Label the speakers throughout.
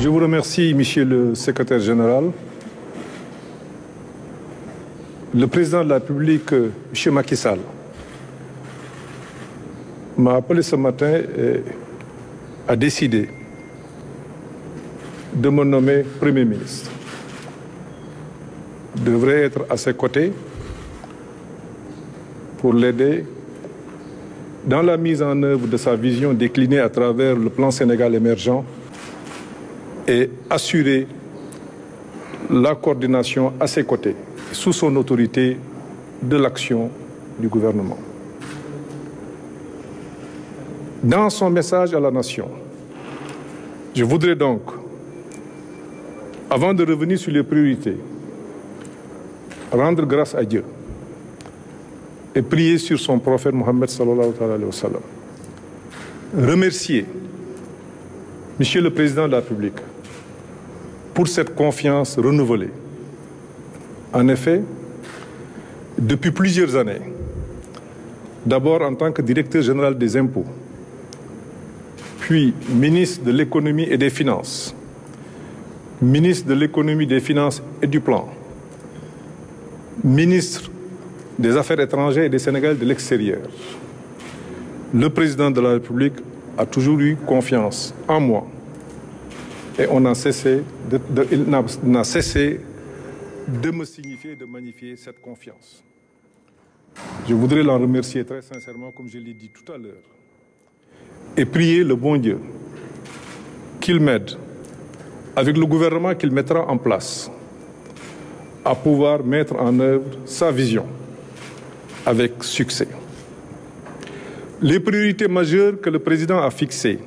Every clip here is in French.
Speaker 1: Je vous remercie, Monsieur le Secrétaire général. Le président de la République, M. Macky m'a appelé ce matin et a décidé de me nommer Premier ministre. Je devrais être à ses côtés pour l'aider dans la mise en œuvre de sa vision déclinée à travers le plan Sénégal émergent et assurer la coordination à ses côtés, sous son autorité, de l'action du gouvernement. Dans son message à la nation, je voudrais donc, avant de revenir sur les priorités, rendre grâce à Dieu et prier sur son prophète Mohammed sallallahu alayhi wa sallam. Remercier Monsieur le Président de la République pour cette confiance renouvelée. En effet, depuis plusieurs années, d'abord en tant que directeur général des impôts, puis ministre de l'économie et des finances, ministre de l'économie, des finances et du plan, ministre des Affaires étrangères et des Sénégalais de l'extérieur. Le président de la République a toujours eu confiance en moi. Et on a cessé de, il n'a cessé de me signifier, et de magnifier cette confiance. Je voudrais l'en remercier très sincèrement, comme je l'ai dit tout à l'heure, et prier le bon Dieu qu'il m'aide, avec le gouvernement qu'il mettra en place, à pouvoir mettre en œuvre sa vision avec succès. Les priorités majeures que le président a fixées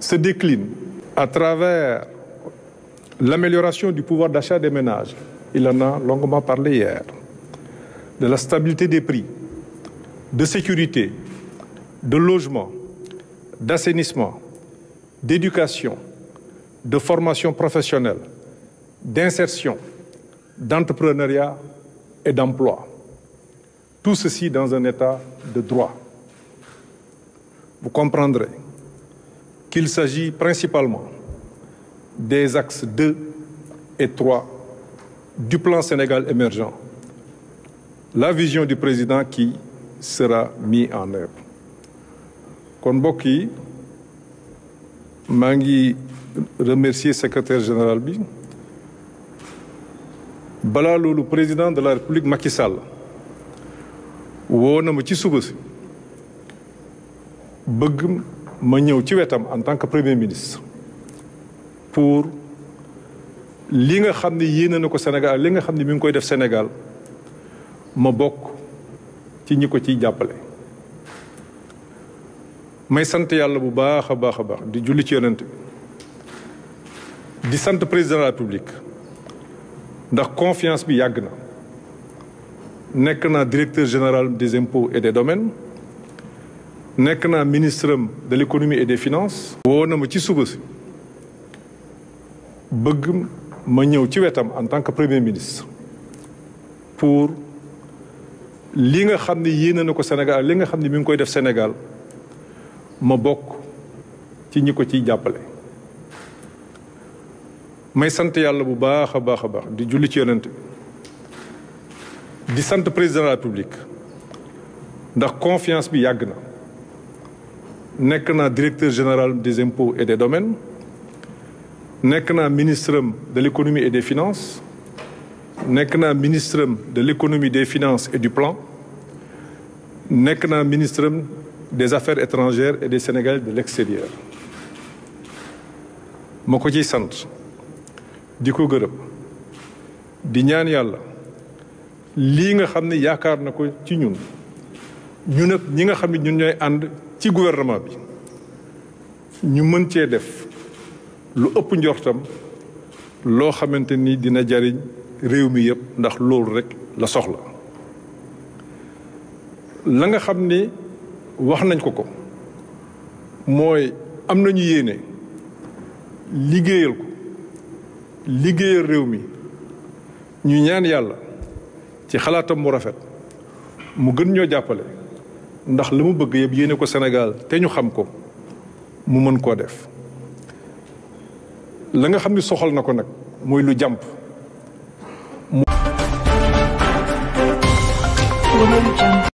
Speaker 1: se déclinent à travers l'amélioration du pouvoir d'achat des ménages. Il en a longuement parlé hier. De la stabilité des prix, de sécurité, de logement, d'assainissement, d'éducation, de formation professionnelle, d'insertion, d'entrepreneuriat et d'emploi. Tout ceci dans un état de droit. Vous comprendrez qu'il s'agit principalement des axes 2 et 3 du plan Sénégal émergent, la vision du président qui sera mise en œuvre. Konboki, Mangui, remercier le secrétaire général bi Balalou, le président de la république Macky woo na ci suba si bëgg ma ñëw ci wetam en tant que premier ministre pour li nga xam ne yéene na ko Sénégal li nga xam ne mi ngi koy def Sénégal ma bokk ci ñi ko ciy jàppale. may sant yàlla bu baax a baax a baax di julli ci yonent bi di sant président de la République ndax confiance bi yàgg na. nekna directeur général des impôts et des domaines nekna ministre de l'économie et des finances. woo na ma ci suba si bëgg ma ñëw ci wétam en tant que premier ministre pour li nga xamni ne ko Sénégal li nga xamni mi ngi koy def Sénégal ma bok ci ñiko ko jappalé may sante yalla bu baax a baax baax di julli ci yonent bi di président de la République la confiance bi directeur général des impôts et des domaines nous le ministre de l'économie et des finances nous le ministre de l'économie des finances et du plan nous le ministre des affaires étrangères et des Sénégal de l'extérieur Mon côté centre, di ko lii nga xam ne yaakaar na ko ci ñun ñu nag ñi nga xam ne ñun ñooy ànd ci gouvernement bi ñu mën cee def lu ëpp njortam loo xamante ni dina jariñ réew mi yëpp ndax loolu rekk la soxla la nga xam ni wax nañ ko ko mooy am na ñu yéene liggéeyal ko liggéeyal réew mi ñu ñaan yàlla ci xalaatam mu rafet mu gën ñoo jàppale ndax la mu bëgg yëpp yéene ko Sénégal te ñu xam ko mu mën koo def la nga xam ni soxal na ko nag muy lu jàmp mu